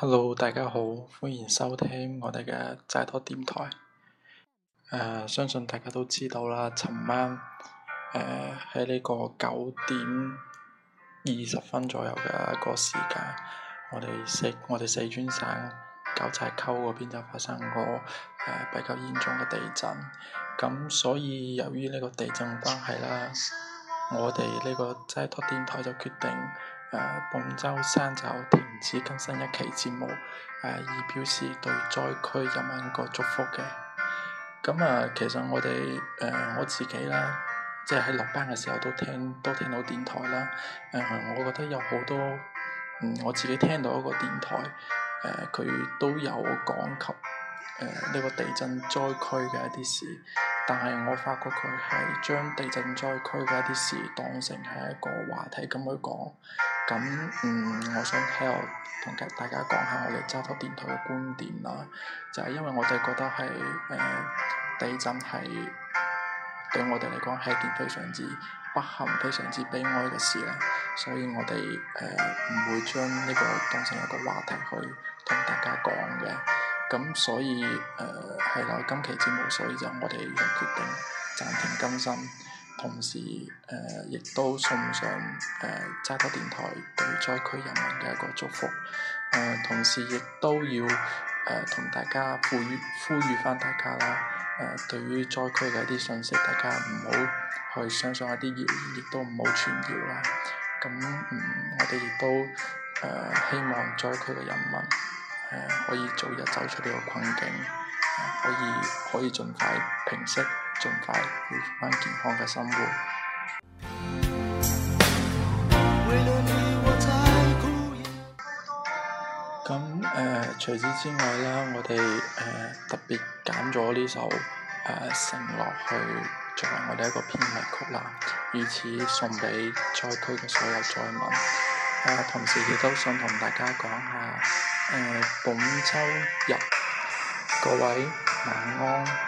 hello，大家好，歡迎收聽我哋嘅齋託電台、呃。相信大家都知道啦，尋晚喺呢、呃、個九點二十分左右嘅一個時間，我哋四我哋四川省九寨溝嗰邊就發生過、呃、比較嚴重嘅地震。咁所以由於呢個地震關係啦，我哋呢個齋託電台就決定。誒、呃，本周三就停止更新一期節目，誒、呃，以表示對災區人民個祝福嘅。咁、嗯、啊、呃，其實我哋誒、呃、我自己啦，即係喺落班嘅時候都聽都聽到電台啦。誒、呃，我覺得有好多，嗯，我自己聽到一個電台，誒、呃，佢都有講及誒呢、呃這個地震災區嘅一啲事，但係我發覺佢係將地震災區嘅一啲事當成係一個話題咁去講。咁嗯，我想喺度同大家講下我哋揸多電台嘅觀點啦，就係因為我哋覺得係誒、呃、地震係對我哋嚟講係一件非常之不幸、非常之悲哀嘅事啦，所以我哋誒唔會將呢個當成一個話題去同大家講嘅。咁所以誒係啦，今期節目所以就我哋決定暫停更新。同時，誒、呃、亦都送上誒渣打電台對災區人民嘅一個祝福。誒、呃、同時亦都要誒、呃、同大家呼籲呼籲返大家啦。誒、呃、對於災區嘅一啲信息，大家唔好去相信一啲謠言，亦都唔好傳謠啦。咁嗯，我哋亦都誒、呃、希望災區嘅人民誒、呃、可以早日走出呢個困境，呃，可以可以盡快平息。盡快恢復翻健康嘅生活。咁誒，除此之外啦，我哋誒特別揀咗呢首誒《承諾》去作為我哋一個編曲啦，以此送俾災區嘅所有災民。啊，同時亦都想同大家講下誒，本週日各位晚安。